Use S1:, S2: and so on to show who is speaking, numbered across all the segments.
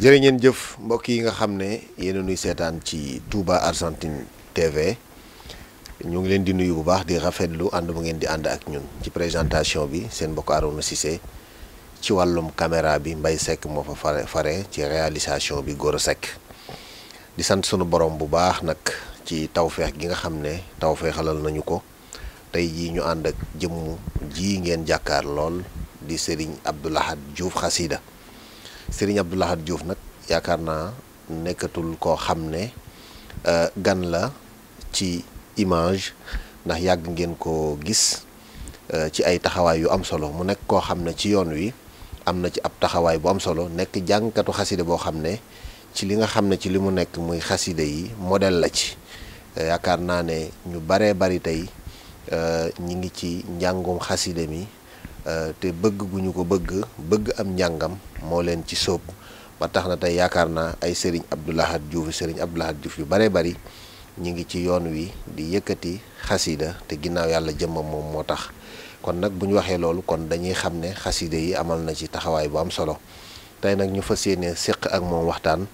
S1: jërë ngeen jëf mbokk yi nga xam ne yéen nuy seetaan ci Touba Argentine TV ñu ngi leen di nuyu bu baax di rafetlu ànd bu ngeen di ànd ak ñun ci présentation bi seen mbokk Arouna Cissé ci wàllum caméra bi mbay Seck moo fa fare fare ci réalisation bi Gora Seck di sant sunu borom bu baax nag ci tawfeex gi nga xam ne tawfeexalal nañu ko tey jii ñu ànd ak jëmm ji ngeen jàkkaar lool di Serigne Abdoul Ahad Xasida Serigne Abdou Lahad Diouf nag yaakaar naa nekkatul koo xam ne euh, gan la ci image ndax yàgg ngeen ko gis euh, ci ay taxawaay yu am solo mu nekk koo xam ne ci yoon wi am na ci ab taxawaay bu am solo nekk jàngkatu xaside boo xam ne ci li nga xam ne ci li mu nekk muy xaside yi modèle la ci euh, yaakaar naa ne ñu baree bari tey ñi ngi ci njàngum xaside mi Euh, te bëgg gu ñu ko bëgg bëgg am njàngam moo leen ci soob ba tax na tey yaakaar naa ay Serigne Abdou Lahad Diouf Serigne Abdou Lahad yu baree bari ñu ngi ci yoon wi di yëkkati xasida te ginnaaw yàlla jëmmam moom moo tax kon nag bu ñu waxee loolu kon dañuy xam ne xasida yi amal na ci taxawaay bu am solo tey nag ñu fas yéene séq ak moom waxtaan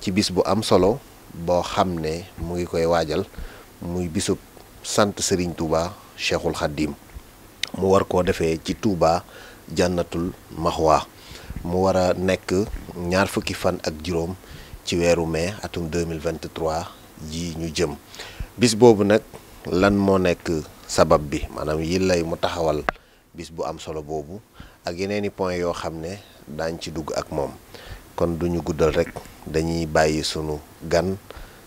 S1: ci bis bu am solo boo xam ne mu ngi koy waajal muy bisub sant sëriñ Touba Cheikhul Khadim mu war koo defee ci Touba jànnatul maxwa mu war a nekk ñaar fukki fan ak juróom ci weeru mai atum 2023 ji ñu jëm bis boobu nag lan moo nekk sabab bi maanaam yi lay mu taxawal bis bu am solo boobu ak yeneen i point yoo xam ne daañ ci dugg ak moom kon duñu guddal rek dañuy bàyyi sunu gan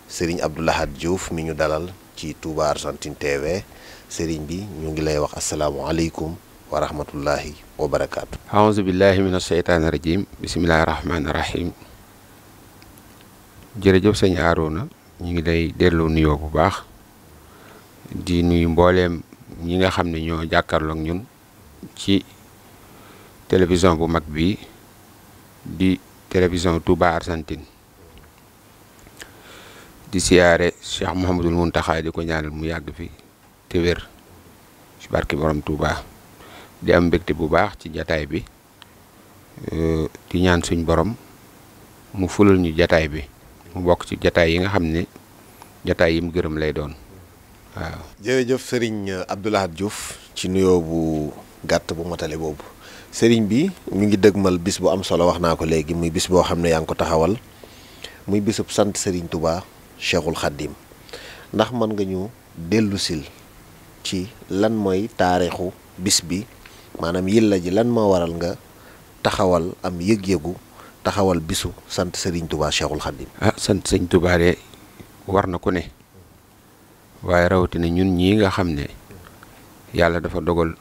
S1: Serigne Abdou Lahad Diouf mi ñu dalal ci Touba Argentine TV sëriñ bi ñu ngi lay wax asalaamualeykum wa rahmatullahi wa barakaatu.
S2: aouzu billahi min asheytaani rajim bismillahi rahmaani jërëjëf sëñ Arouna ñu ngi lay delloo nuyoo bu baax di nuyu mbooleem ñi nga xam ne ñoo jàkkarlook ñun ci télévision bu mag bi di télévision Touba Argentine di siyaare Cheikh Mouhamadul Mountakha di ko ñaanal mu yàgg fi. te wér ci barke borom Touba di am mbégte bu baax ci jataay bi euh, di ñaan suñ boroom mu fulal ñu jataay bi mu bokk ci jataay yi nga xam ni jataay yi mu gërëm lay doon
S1: waaw. jërëjëf Serigne Abdou Lahad Diouf ci nuyoo bu gàtt bu matale boobu Serigne bi mu ngi dëgmal bis bu am solo wax naa ko léegi muy bis boo xam ne yaa ngi ko taxawal muy bisub sant sëriñ Touba Cheikhul Khadim ndax mën nga ñu dellu ci lan mooy taarixu bis bi maanaam yilla ji lan moo waral nga taxawal am yëg-yëgu taxawal bisu sant Serigne Touba Cheikhul Khadim.
S2: ah sant sëñ Touba de war na ku ne waaye rawatina ñun ñii nga xam ne yàlla dafa dogal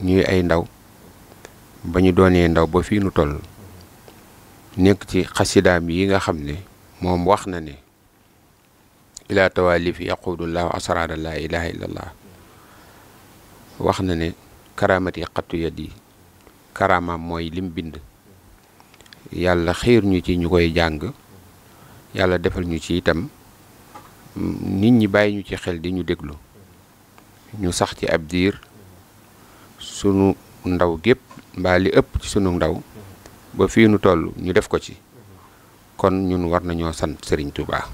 S2: ñuy ay ndaw ba ñu doonee ndaw ba fii nu toll nekk ci xasidaam yi nga xam ne moom wax na ne. ila tawalif yaqudu llahu asraara laa ilaha illa allah wax na ne karaamati xattu yat yi karaamaam mooy lim bind yàlla xiir ñu ci ñu koy jàng yàlla defal ñu ci itam nit ñi bàyyi ñu ci xel di ñu déglu ñu sax ci ab diir sunu ndaw gépp mbaa li ëpp ci sunu ndaw ba fii nu toll ñu def ko ci kon ñun war nañoo sant sëriñ Touba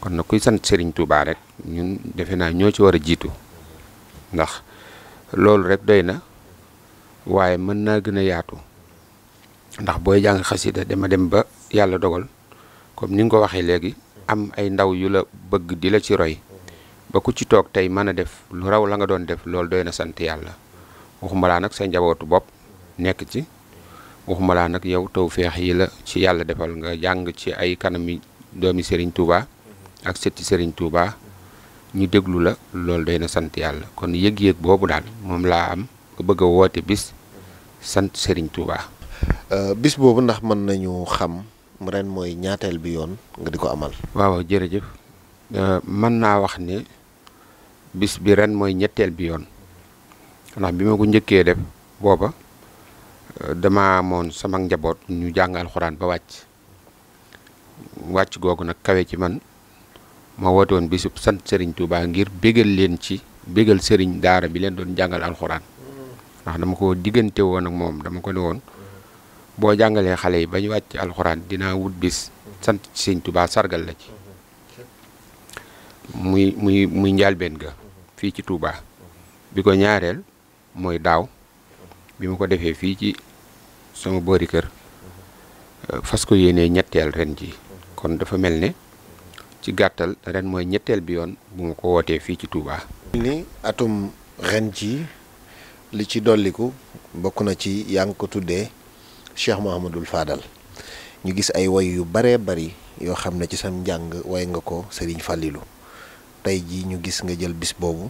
S2: kon na kuy sant sëriñ Touba rek ñun defe naa ñoo ci war a jiitu ndax loolu rek doy na waaye mën naa gën a yaatu ndax booy jàng xasida dama dem ba yàlla dogal comme ni nga ko waxee léegi am ay ndaw yu la bëgg di la ci roy ba ku ci toog tey mën a def lu raw la nga doon def loolu doy na sant yàlla waxuma laa nag sa njabootu bopp nekk ci waxuma laa nag yow feex yi la ci yàlla defal nga jàng ci ay kanami doomi Serigne Touba ak sëtti Serigne Touba. ñu déglu la loolu doy na sant yàlla kon yëg-yëg boobu daal moom laa am nga bëgg a woote bis sant Serigne Touba.
S1: Euh, bis boobu ndax mën nañu xam ren mooy ñaateel bi yoon di ko amal. waaw jërëjëf euh, mën naa wax
S2: ne bis bi ren mooy ñetteel bi yoon ndax bi ma ko njëkkee def booba euh, dama amoon sama njaboot ñu jàng alxuraan ba wàcc wàcc googu nag kawe ci man. ma woote woon bisub sant sëriñ Touba ngir béggal leen ci béggal sëriñ daara bi leen doon jàngal alxuraan ndax dama ko diggante woon ak moom dama ko ne woon boo jàngalee xale yi ba ñu wàcc alxuraan dinaa wut bis sant Serigne Touba sargal la ci muy muy muy ga fii ci Touba bi ko ñaareel mooy daaw bi ma ko defee fii ci sama boori kër fas ko yéene ñetteel ren ji kon dafa mel ne. ci gàttal ren mooy ñetteel bi yoon bu
S1: ma ko wootee fii ci Touba. ni atum xen ji li ci dolliku bokk na ci yaa ngi ko tuddee Cheikh Mouhamadul faadal ñu gis ay woy yu baree bari yoo xam ne ci sam njàng way nga ko sëriñ Fallilou tey ji ñu gis nga jël bis boobu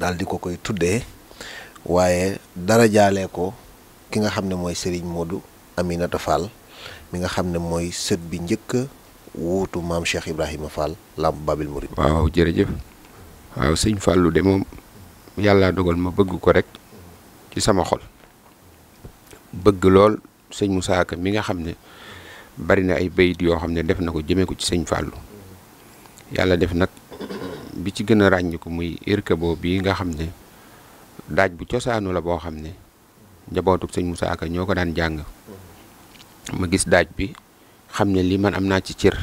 S1: daal di ko koy tuddee waaye dara jaalee ko ki nga xam ne mooy Serigne Modou Aminata Fall mi nga xam ne mooy sët bi njëkk. wuutu maam Cheikh Ibrahima Fall Lamp Babil Mouride.
S2: waaw jërëjëf waaw sëñ Fallou de moom yàlla dogal ma bëgg ko rek ci sama xol bëgg lool sëñ Moussa mi nga xam ne bari na ay bayit yoo xam ne def na ko jëmee ko ci sëñ Fallou yàlla def nag bi ci gën a ràññiku muy irkabo bii nga xam ne daaj bu cosaanu la boo xam ne njabootuk sëñ Moussa ñoo ko daan jàng ma gis daaj bi. xam ne lii man am naa ci cër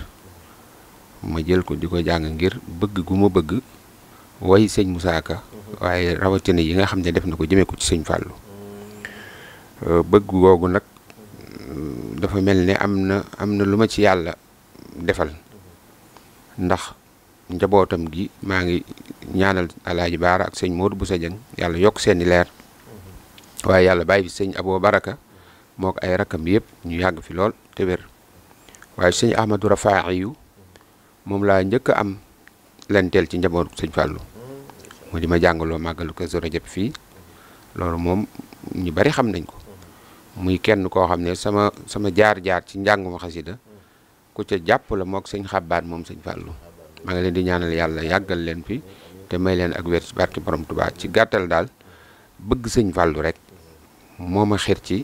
S2: ma jël ko di ko jàng ngir bëgg gu ma bëgg way sëñ Moussa Ka waaye rawatina yi nga xam ne def na ko jëmee ko ci sëñ Fallou euh, bëgg googu nag euh, dafa mel ne am na am na lu ma ci yàlla defal ndax njabootam gi maa ngi ñaanal alaaji baara ak sëñ Modou bu Dieng yàlla yokk seeni leer waaye yàlla bàyyi sëñ aboo Baraka moo ko ay rakkam yépp ñu yàgg fi lool te wér waaye sëñ Ahmadou Rafaa yu moom laa njëkk a am lanteel ci njaboot sëñ Fallou mu di ma jàngaloo màggalu Kazu Rajab fii loolu moom ñu bari xam nañ ko muy kenn koo xam ne sama sama jaar-jaar ci njànguma xasida ku ca jàpp la mook sëñ xabaat moom sëñ Fallou maa ngi leen di ñaanal yàlla yàggal leen fi te may leen ak wér ci barke borom tubaab ci gàttal daal bëgg sëñ Fallou rek moo ma xir ci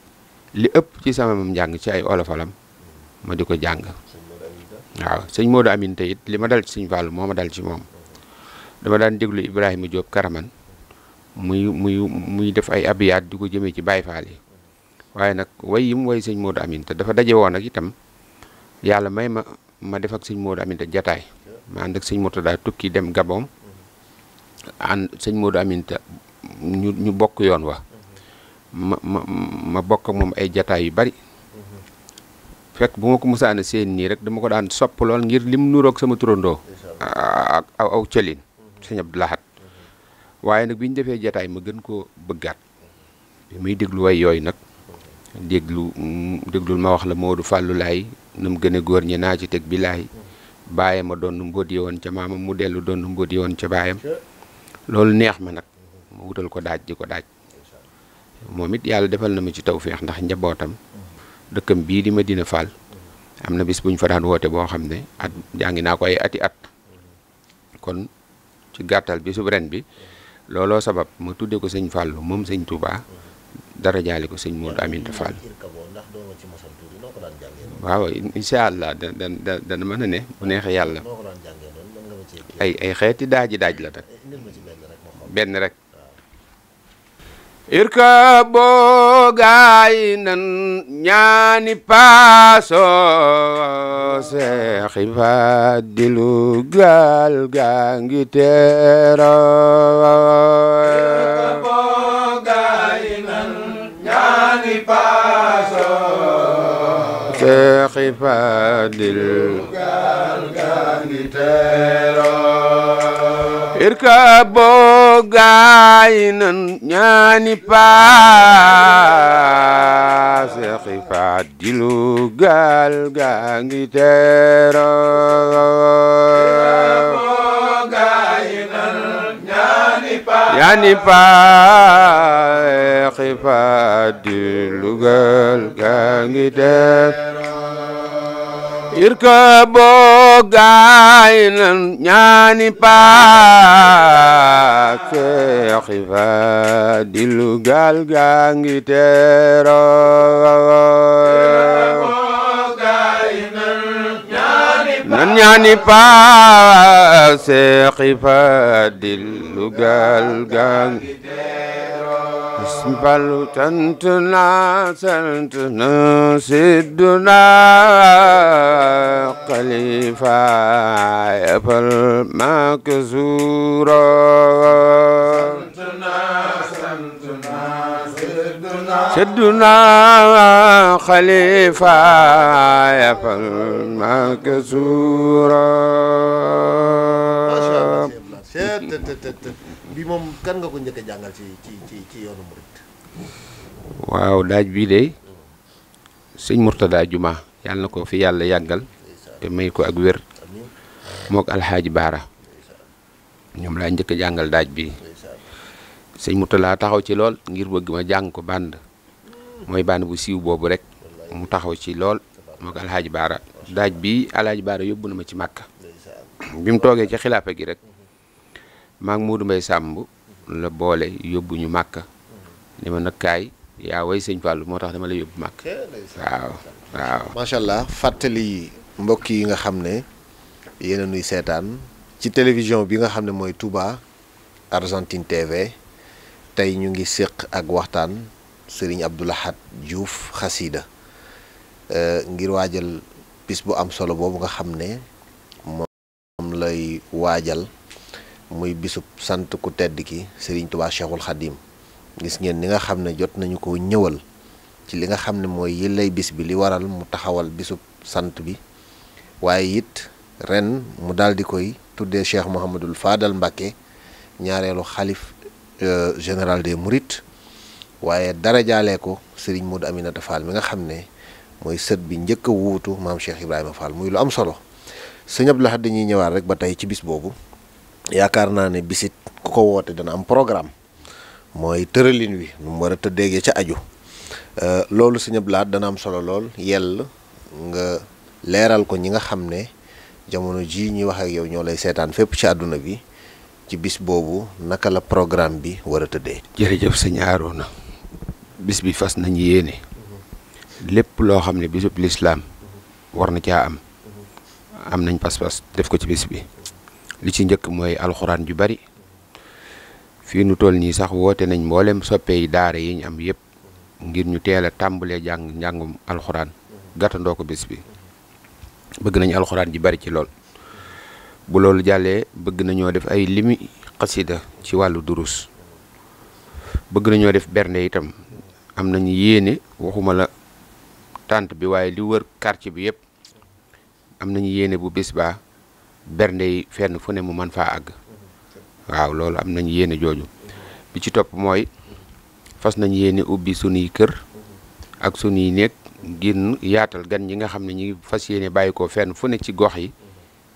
S2: li ëpp ci sama njàng ci ay olofalam ma di ko jàng waaw sëñ Modou Aminta it li ma dal ci sëñ Fall moo ma dal ci moom dama daan déglu Ibrahima Diop Karaman muy muy muy def ay abiyaat di ko jëmee ci Baye Fall yi waaye nag way yim way sëñ Modou Aminta dafa daje woon ak itam yàlla may ma ma def ak sëñ Modou Aminta jataay ma ànd ak sëñ Mourtada tukki dem Gabon ànd sëñ Modou Aminta ñu ñu bokk yoon wa ma ma ma bokk moom ay jataay yu bari fekk bu ma ko musaana seen nii rek dama ko daan sopp lool ngir lim nuroog sama turandoo ak aw cëlin sëñ Abdou Lahad waaye nag bi ñu defee jataay ma gën koo bëggaat bi muy déglu way yooyu nag déglu déglul ma wax la Moodu Fàllu laay nu mu gën a góor ñi naa ci teg billaay laay bàyyi ma doon mbóote woon ca maamam mu dellu doon mbóote woon ca baayam loolu neex ma nag mu wutal ko daaj di ko daaj moom it yàlla defal na ma ci tawféex ndax njabootam dëkkam bii di ma dina Fall am na bis bu ñu fa daan woote boo xam ne at jàngi naa ko ay ati at kon ci gàttal bi subren bi looloo sabab ma tuddee ko sëñ Fallou moom sëñ tuuba dara jaale ko sëñ Modou Aminta Fall. waaw incha allah da da da mën a ne mu neexee yàlla. ay xeeti daaji daaj la nag. benn rek. irkaboo gaay nan ñaani paaso seexi fadilu gaal gaa ngi teero gaal gaa ngi irkaboo gaay nan ñaani paa seexi Faadilu gaal gaa ngi teero ñaani paa ñaani paa seexi Faadilu gaal gaa irkaboo gaynan ñaani paak feexi fadilu gaal gaa ngi teeroo nan ñaani paak seexi fadilu gaal gaa ngi Sëñ Fallu sant na sant
S1: bi moom kan nga ko njëkk jàngal ci ci ci ci
S2: waaw daaj bii de sëñ Mourtada Juma yàlla na ko fi yàlla yàggal te may ko ak wér mook alxaaji baara ñoom laa njëkk a jàngal daaj bi sëñ Mourtada taxaw ci lool ngir bëgg ma bànd mooy bànd bu siiw boobu rek mu taxaw ci lool mook alxaaji baara daaj bi alxaaji baara yóbbu na ma ci màkk bi mu toogee ci xilaafa gi rek maag Modou Mbaye sàmb la boole yóbbu ñu màkk ni nag kaay
S1: yaa way sëñ Fallou moo tax dama la yóbbu màkk waaw waaw macha allah fàttali mbokk yi nga xam ne yeneen a seetaan ci télévision bi nga xam ne mooy Touba Argentine TV tey ñu ngi séq ak waxtaan sëriñ Abdou Lahad Diouf xasiida euh, ngir waajal bis bu am solo boobu nga xam ne moom lay waajal muy bisub sant ku tedd ki Serigne Touba Cheikhul Khadim gis ngeen ni nga xam ne jot nañu ko ñëwal ci li nga xam ne mooy yëllay bis bi li waral mu taxawal bisub sant bi waaye it ren mu daal di koy tuddee Cheikh Mouhamadul faadal Mbacke ñaareelu xalif euh, général des murit waaye dara jaale ko moo Modou Aminata Fall mi nga xam ne mooy sët bi njëkk wuutu maam Cheikh Ibrahima Fall muy lu am solo sëñ Abdou Lahad dañuy ñëwaat rek ba tey ci bis boobu. yaakaar naa ne bisit ku ko woote dana am programme mooy tëralin wi nu mu war a tëddeegee ca aju euh, loolu sëñ Abdou Lahad dana am solo lool yell nga leeral ko ñi nga xam ne jamono jii ñuy wax ak yow ñoo lay seetaan fépp ci àdduna bi ci bis boobu naka la programme bi war a tëddee.
S2: jërëjëf sëñ Arouna bis bi fas nañ yéene lépp loo xam ne bisub lislaam war na caa am am nañ pas-pas def ko ci bis bi. li ci njëkk mooy alxuraan ju bari fii nu toll nii sax woote nañ mboolem soppee yi daara yi am yëpp ngir ñu teel a tàmbalee jàng njàngum alxuraan gàttandoo ko bis bi bëgg nañ alxuraan ji bari ci lool bu loolu jàllee bëgg nañoo def ay limi xasida ci wàllu durus bëgg nañoo def bernde itam am nañu yéene waxuma la tànt bi waaye li wër quartier bi yëpp am nañu yéene bu bés baa bernde fenn fu ne mu mën faa àgg waaw loolu am nañ yéene jooju bi ci topp mooy fas nañu yéene ubbi sunuy kër ak sunuy néeg génn yaatal gan ñi nga xam ne ñi fas yéene bàyyi ko fenn fu ne ci gox yi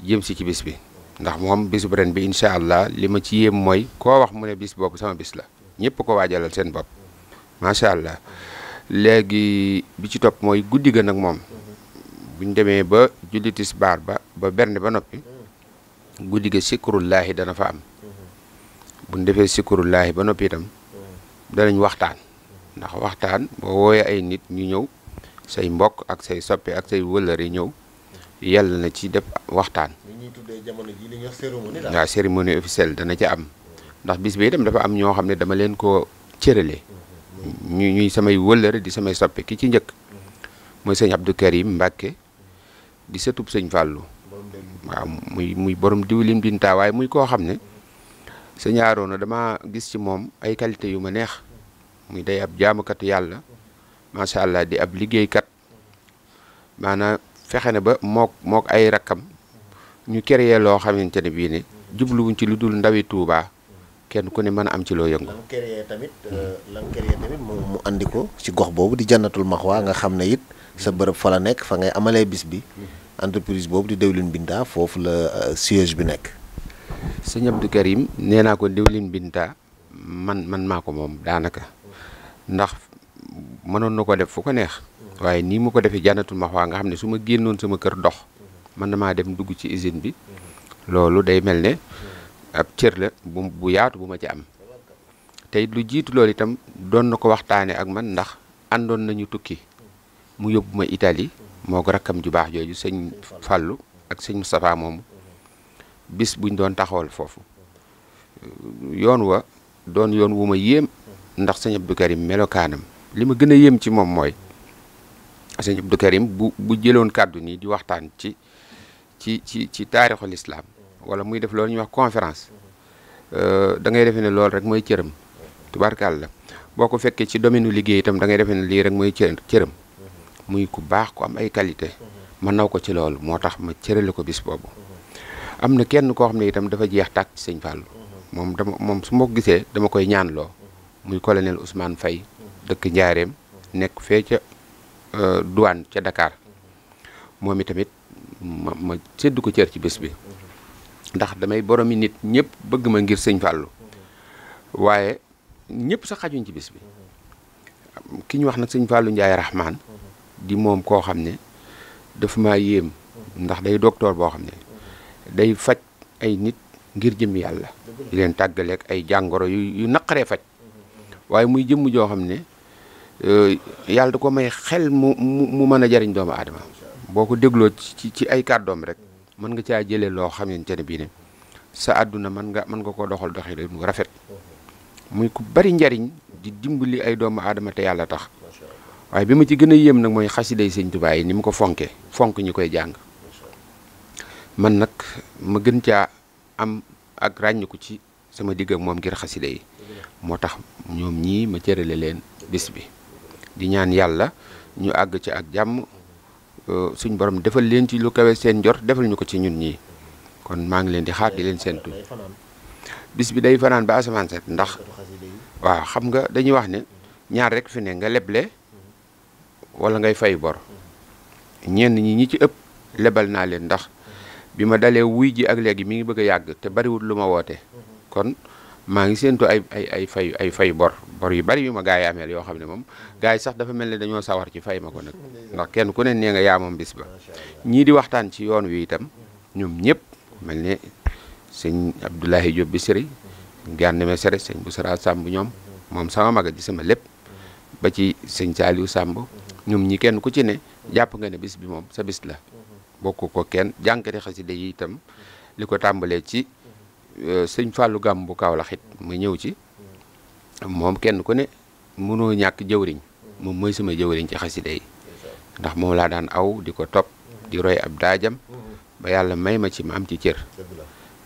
S2: jëm si ci bis bi ndax moom bisu bu ren bi incha allah li ma ci yéem mooy koo wax mu ne bis boobu sama bis la ñëpp ko waajalal seen bopp macha allah léegi bi ci topp mooy guddi ga nag moom buñ demee ba julli tisbaar ba ba bernde ba noppi guddi ga sikkurullaahi dana fa am buñ defee sikkurullaahi ba noppi itam danañ waxtaan ndax waxtaan boo wooyee ay nit ñu ñëw say mbokk ak say soppe ak say wëllëre ñëw yàlla na ci def waxtaan.
S1: ni ñuy tuddee jamono
S2: dana ci am ndax bis bi itam dafa am ñoo xam ne dama leen ko cëralee. ñu ñuy samay wëllëre di samay soppe ki ci njëkk. mooy sëñ Abdou Karim Mbacke di sëtub sëñ fàllu waaw muy muy borom diwlin bintaa waaye muy koo xam ne sëñ Aroona dama gis ci moom ay qualité yu ma neex muy day ab jaamukatu yàlla macha allah di ab liggéeykat maanaam fexe na ba mook mook ay rakkam ñu créé loo xamante ne bii ne jubluwuñ ci lu dul
S1: ndawi Touba kenn ku ne mën a am ci loo yëngu. lan créé euh, mu andi ko ci gox boobu di jannatul maxwa nga xam ne it sa bërëb fa la nekk fa ngay amalee bis bi. entreprise boobu di Dëwlin Binta foofu la euh, siège bi nekk. sëñ Abdou
S2: Karim nee naa ko Dëwlin Binta man man maa ko moom daanaka ndax mënoon na ko def fu ko neex. waaye nii mu ko defee jànnatul waa nga xam ne su ma génnoon sama kër dox. man maa dem dugg ci usine bi. loolu day mel ne ab cër la bu bu yaatu bu ma ci am. tey lu jiitu loolu itam doon na ko waxtaanee ak man ndax àndoon nañu tukki mu yóbbu ma Italie. moo ko rakkam ju baax jooju sëñ Fàllu ak sëñ Moustapha moomu bis buñ doon taxawal foofu yoon wa doon yoon wu ma yéem ndax sëñ Abdou Karim melokaanam li ma gën a yéem ci moom mooy sëñ Abdou Karim bu bu jëloon kàddu nii di waxtaan ci ci ci ci taarixul wala muy def loolu ñuy wax conférence euh, da ngay defee ne loolu rek mooy cëram la boo ko fekkee ci domaine liggéey itam da ngay defee ne lii rek mooy cë cëram muy ku baax ku am ay qualité mhm. ma naw ko ci loolu moo tax ma cërale ko bis boobu am na kenn koo xam ne itam dafa jeex tàkk ci sëñ Fallou mhm. moom dama moom su ma gisee dama koy ñaanloo mhm. muy colonel Ousmane Faye dëkk Njaareem nekk fee ca euh, duwaan ca dakaar moom itamit ma ma séddu ko cër ci bis bi ndax damay boromi nit ñëpp bëgg ma ngir sëñ Fallou waaye ñëpp sa xajuñ ci bis bi ki ñu wax nag sëñ Fallou Ndiaye Rahman di moom koo xam ne dafa ma yéem ndax day docteur boo xam ne day faj ay nit ngir jëm yàlla di leen tàggaleek ay jàngoro yu yu naqaree faj waaye muy jëmm joo xam ne euh, yàlla da ko may xel mu mu mu mën a jariñ doomu aadama boo ko dégloo ci ci ay kàddoom rek mën nga caa jëlee loo xamante ne bii ne sa adduna mën nga mën nga ko doxal doxi mu rafet muy ko bari njariñ di dimbali ay doomu aadama te yàlla tax waaye bi ma ci gën yéem nag mooy xasiday sëñ Tuubaa yi ni mu ko fonke fonk ñi koy jàng man nag ma gën caa am ak ràññiku ci sama digg moom ngir xasida yi moo tax ñoom ñii ma cërale leen bis bi di ñaan yàlla ñu àgg ci ak jàmm euh, suñ borom defal leen ci lu kawe seen njor defal ñu ko ci ñun ñii kon maa ngi leen di xaar di leen séentu bis bi day fanaan ba asamaan set ndax waaw xam nga dañuy wax ne ñaar rek fi ne nga leble wala ngay fay bor ñenn ñi ñi ci ëpp lebal naa leen ndax bi ma dalee wuy ji ak léegi mi ngi bëgg a yàgg te bariwul lu ma woote kon maa ngi séentu ay ay ay fay ay fay bor bor yu bari yu ma gaa yi yoo xam ne moom gaa yi sax dafa mel ne dañoo sawar ci fay ma ko nag ndax kenn ku ne nee nga yaa moom bis ba ñii di waxtaan ci yoon wi itam ñoom ñëpp mel ne sëñ Abdoulahi Diop Bichri Gànn Mesere sëñ Boussara Samb ñoom moom sama maga ji sama lépp ba ci sëñ Saliou ñoom ñi kenn ku ci ne jàpp nga ne bis bi moom sa bis la bokk ko kenn jànkati xasida yi itam li ko tàmbalee ci euh, sëñ Fallou Gam bu Kaolack it mu ñëw ci moom kenn ku ne mënoo ñàkk jëwriñ moom mooy sama jëwriñ ci xasida yi ndax moom laa daan aw di ko topp di roy ab daajam ba yàlla may ma ci ma am ci cër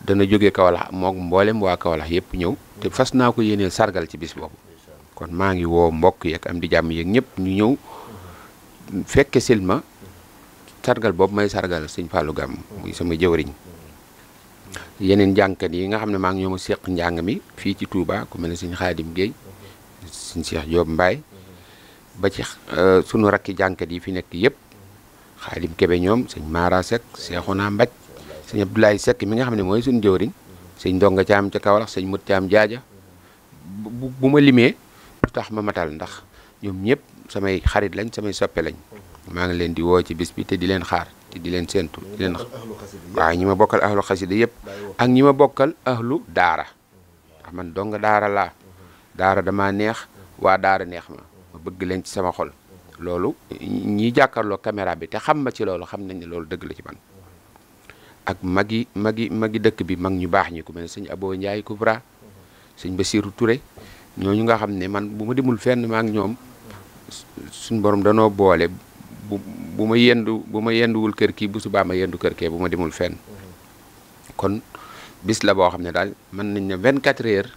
S2: dana jóge Kaolack moog mboolem waa Kaolack yëpp ñëw te fas naa ko yéeneel sargal ci bis boobu kon maa ngi woo mbokk yeek am di jàmm yeeg ñëpp ñu ñëw fekke silma sargal boobu may sargal sëñ Fallou Gam muy sama jëwriñ yeneen jàngkat yi nga xam ne maa ngi ñoom seq njàng mi fii ci Touba ku mel ne sëñ Xaadim Guèye sëñ Cheikh Diop Mbaye ba ci euh, sunu rakki jàngkat yi fi nekk yëpp Xaadim Kebe ñoom sëñ Mara Seck Seexuna Mbaj sëñ Abdoulaye Seck mi nga xam ne mooy suñu jëwriñ sëñ Ndonga Caam ca Kawlax sëñ Mut Caam Jaaja bu ma limee tax ma matal ndax ñoom ñëpp samay xarit lañ samay soppe lañ maa ngi leen di woo ci bis bi te di leen xaar te di leen séentu di leen waaw ñi ma bokkal ahlu xasida yëpp ak ñi ma bokkal ahlu daara ndax man dong daara laa daara dama neex waa daara neex ma ma bëgg leen ci sama xol loolu ñi jàkkarloo caméra bi te xam ma ci loolu xam nañ ne loolu dëgg la ci man ak magi magi magi dëkk bi mag ñu baax ñu ku mel ne sëñ Abo Ndiaye Koubra sëñ ture ñoo ñu nga xam ne man bu ma demul fenn ma ak ñoom suñ borom danoo boole bu bu ma yendu bu ma yenduwul kër kii bu subaa ma yendu kër kee bu ma demul fenn kon bis la boo xam ne daal mën nañ ne 24 heures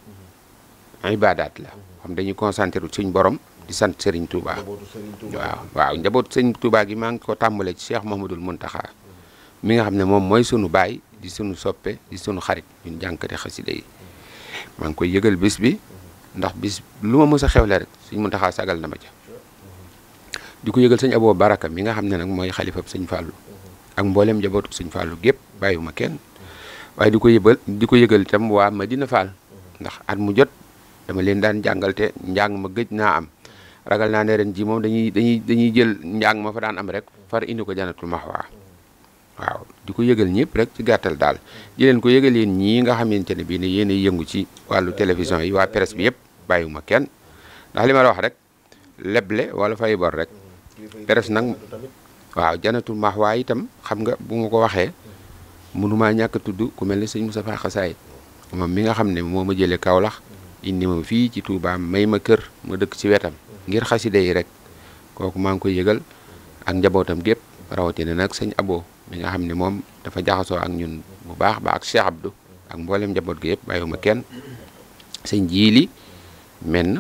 S2: ibaadaat la xam dañuy concentre suñ borom di sant sëriñ Touba waaw waaw njabootu Serigne Touba gi maa ngi ko tàmbalee ci Cheikh Mouhamadoul Mountakha mi nga xam ne moom mooy suñu baay di suñu soppe di suñu xarit ñun jànkati xasida yi maa ngi koy yëgal bis bi ndax bis lu ma mës a xewle rek Serigne Mountakha sagal na ma ca di ko yëgal sëñ aboo baraka mi nga xam ne nag mooy xalifa sëñ fàllu ak mbooleem njabootu sëñ fàllu gépp bàyyiwuma kenn waaye di ko yëbal di ko yëgal itam waa Madina Fall ndax at mu jot dama leen daan jàngal te njàng ma gëj naa am ragal naa ne ren ji moom dañuy dañuy dañuy jël njàng ma fa daan am rek far indi ko janatul maxwaa waaw di ko yëgal ñëpp rek ci gàttal daal di ko yëgal yéen ñii nga xamante ne bii ne yéen a yëngu ci wàllu télévision yi waa presse bi yëpp bàyyiwuma kenn ndax li ma la wax rek leble wala fay bor rek presse nag waaw janatul maxwaa itam xam nga bu ma ko waxee mënumaa ñàkk tudd ku mel ne sëñ Moussa Xasaay moom mi nga xam ne moo ma jëlee Kaolack indi ma fii ci Touba may ma kër ma dëkk ci wetam ngir xaside yi rek kooku maa ngi koy yëgal ak njabootam gépp rawatina nag sëñ Abo mi xam ne moom dafa jaxasoo ak ñun bu baax ba ak Cheikh Abdou ak mboolem njaboot gi yëpp bàyyiwuma kenn sëñ Jiili menn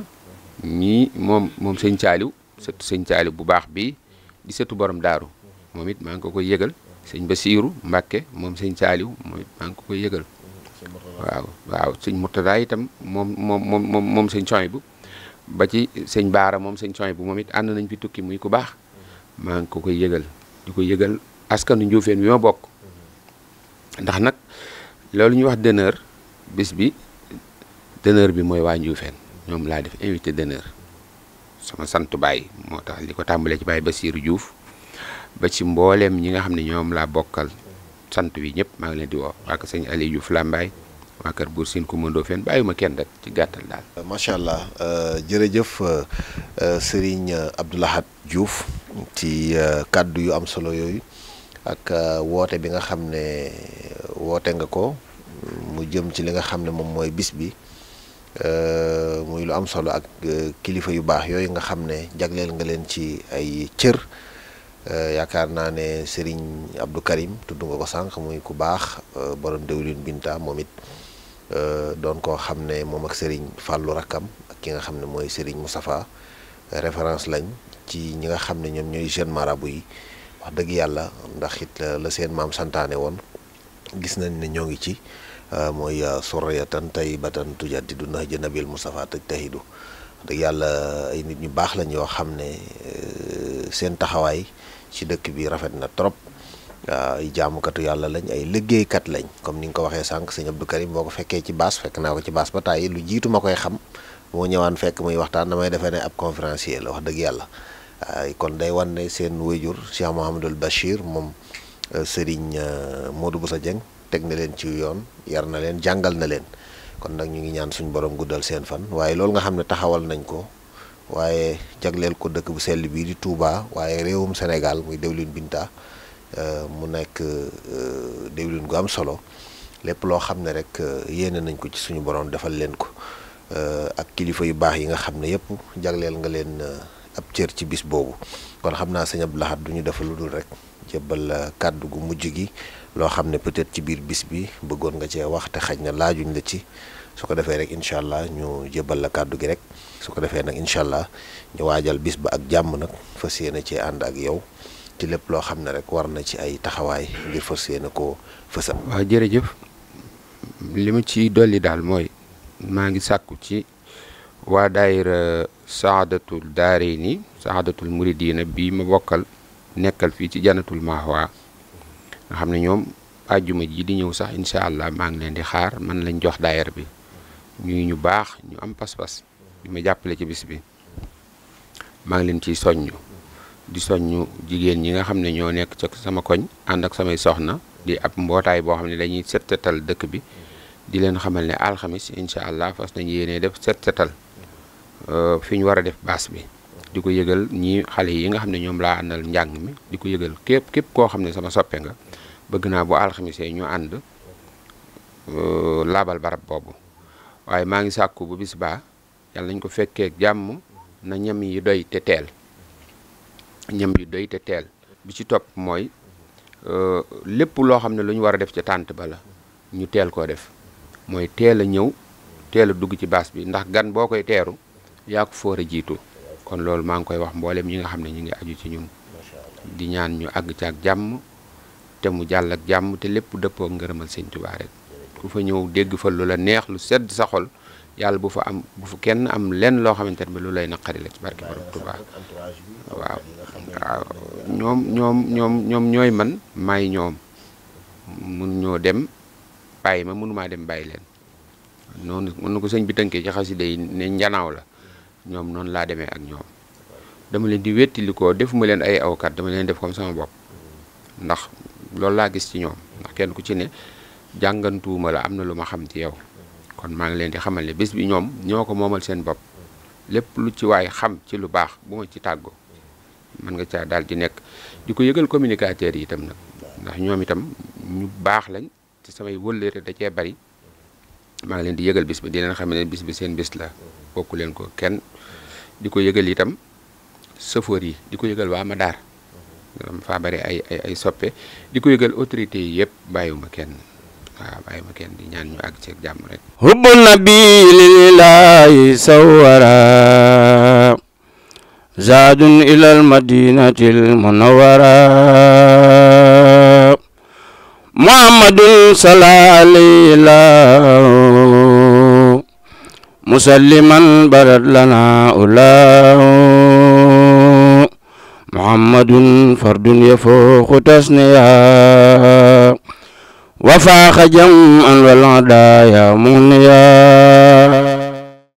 S2: ñii moom moom sëñ Saaliw sëtu sëñ Saaliw bu baax bii di sëtu borom daaru moom it maa ngi ko ko yëgal sëñ siiru Mbàkke moom sëñ Saaliw moom it maa ngi ko koy yëgal waaw sëñ Murtadaa itam moom moom moom moom sëñ coy bu ba ci sëñ Baara moom sëñ coy bu moom it ànd nañ fi tukki muy ku baax maa ngi ko koy yëgal di ko yëgal askanu Njuufeen bi ma bokk ndax nag loolu ñuy wax d'honneur bis bi d'honneur bi mooy waa Njuufeen ñoom laa def invité d'honneur sama santu baay moo tax li ko tàmbalee ci baay Basiiru Juuf ba ci mbooleem ñi nga xam ne ñoom laa bokkal sant bi ñëpp maa ngi leen di woo waa kër sëñ Aliou Juuf Lambaay waa kër Buur Siin ko
S1: mëndoo fen bàyyi kenn rek ci gàttal daal. macha allah euh, jërëjëf euh, euh, sëriñ Abdou juuf Diouf ci kàddu yu am solo yooyu ak woote bi nga xam ne woote nga ko mu jëm ci li nga xam ne moom mooy bis bi. Euh, muy lu am solo ak euh, kilifa yu baax yooyu nga xam ne jagleel nga leen ci ay cër euh, yaakaar naa ne Serigne Abdou Karim tudd nga ko sànq muy ku baax borom déwlin Binta moom it doon ko xam ne moom ak Serigne Fallou rakkam ak ki nga xam ne mooy Serigne Moustapha référence lañ ci ñi nga xam ne ñoom ñooy jeune marabout yi wax dëgg yàlla ndax it la seen maam santaane woon gis nañ ne ñoo ngi ci. Euh, mooy euh, surriyatan tayyibatan tujaddidu nahja nabil Mustafa tajtahidu dëgg yàlla euh, ay nit ñu baax lañ yoo xam ne seen taxawaay ci dëkk bi rafet na trop ay jaamukatu yàlla lañ ay liggéeykat lañ comme ni nga ko waxee sànq sëñ Abdou Karim boo ko fekkee ci baas fekk naa ko ci baas ba tàyyi lu jiitu ma koy xam moo ñawaan fekk muy waxtaan damay defee ne ab conférencier la wax dëgg yàlla ay kon day wan ne seen wéjur Cheikh Mouhamadul Bachir moom Serigne Modou Boussa Dieng teg na leen ci yoon yar na leen jàngal na leen kon nag ñu ngi ñaan suñu borom guddal seen fan waaye loolu nga xam ne taxawal nañ ko waaye jagleel ko dëkk bu sell bii di Touba waaye réewum Sénégal muy Dewlin Binta euh, mu nekk euh, Dewlin gu am solo lépp loo xam ne rek euh, yéene nañ ko ci suñu borom defal leen ko ak kilifa yu baax yi nga xam ne yëpp jagleel nga leen ab cër ci bis boobu kon xam naa sëñ Abdou Lahad du ñu defal lu dul rek jébbal kàddu gu mujj gi. loo xam ne peut-être ci biir bis bi bëggoon nga cee wax te xaj na laajuñ la ci su ko defee rek incha allah ñu jébbal la kàddu gi rek su ko defee nag incha allah ñu waajal bis ba ak jàmm nag fas yéene cee ànd ak yow ci lépp loo xam ne rek war na ci ay taxawaay ngir fas yéene koo fësal.
S2: waaw jërëjëf li ma ci dolli daal mooy maa ngi sàkku ci waa daayira saadatul daarayni saadatul muridina bi ma bokkal nekkal fii ci janatul mahwa nga xam ne ñoom àjjuma ji di ñëw sax incha allah maa ngi leen di xaar man lañ jox daayar bi ñuy ñu baax ñu am pas-pas ñu ma jàppale ci bis bi maa ngi leen ci soññ di soññ jigéen ñi nga xam ne ñoo nekk ca sama koñ ànd ak samay soxna di ab mbootaay boo xam ne dañuy set setal dëkk bi di leen xamal ne alxamis incha allah fas nañ yéenee def set setal euh, fi ñu war a def baas bi di ko yëgal ñii xale yi nga xam ne ñoom laa àndal njàng mi di ko yëgal képp képp koo xam ne sama soppe nga bëgg naa bu alxamisee ñu ànd euh, laabal barab boobu waaye maa ngi sàkku bu bis baa yàlla nañ ko fekkee jàmm na ñam yi doy te teel ñam doy te teel bi ci topp mooy euh, lépp loo xam ne lu ñu war a def ca tànt ba la ñu teel koo def mooy teel a ñëw teel a dugg ci baas bi ndax gan boo koy teeru yaa ko foor jiitu kon loolu maa ngi koy wax mbooleem ñi nga xam ne ñu ngi aju ci ñun di ñaan ñu àgg ci ak jàmm te mu jàll ak jàmm te lépp dëppoo ngërëmal sëñ Tuubaa rek ku fa ñëw dégg fa lu la neex lu sedd sa xol yàlla bu fa am bu fa kenn am lenn loo xamante ne bi lu lay naqari la ci barke borom Tuubaa waaw ñoom ñoom ñooy man may ñoom mun ñoo dem bàyyi ma mënumaa dem bàyyi leen noonu mën na ko sëñ bi tënkee ci xasida yi ne njanaaw la ñoom noonu laa demee ak ñoom dama leen di wéttilikoo defuma leen ay awkat dama leen def comme sama bopp ndax loolu laa gis ci ñoom ndax kenn ku ci ne jàngantuwuma la am na lu ma xam ci yow kon maa ngi leen di xamal ne bés bi ñoom ñoo ko moomal seen bopp lépp lu ci waay xam ci lu baax bu ci tàggoo mën nga caa daal di nekk di ko yëgal communicateurs yi itam ndax ñoom itam ñu baax lañ ci samay wëllëre da cee bari maa ngi leen di bis bi di leen xam ne bis bi seen bis la bokku leen ko kenn di ko yëgal itam chauffeur yi di ko yëgal waa Madaar faa bari ay soppe di ko yëgal autorité yi yëpp bàyyiwuma kenn waaw bàyyiwuma kenn di ñaan ñu àgg ceeg jàmm rek hubbu nabi lillahi sawara zaadun ilal madinatil munawwara muhammadun sallallahu alayhi مسلما برد لنا أولاه محمد فرد يفوق تسنيا وفاق جمعا والعدايا مغنيا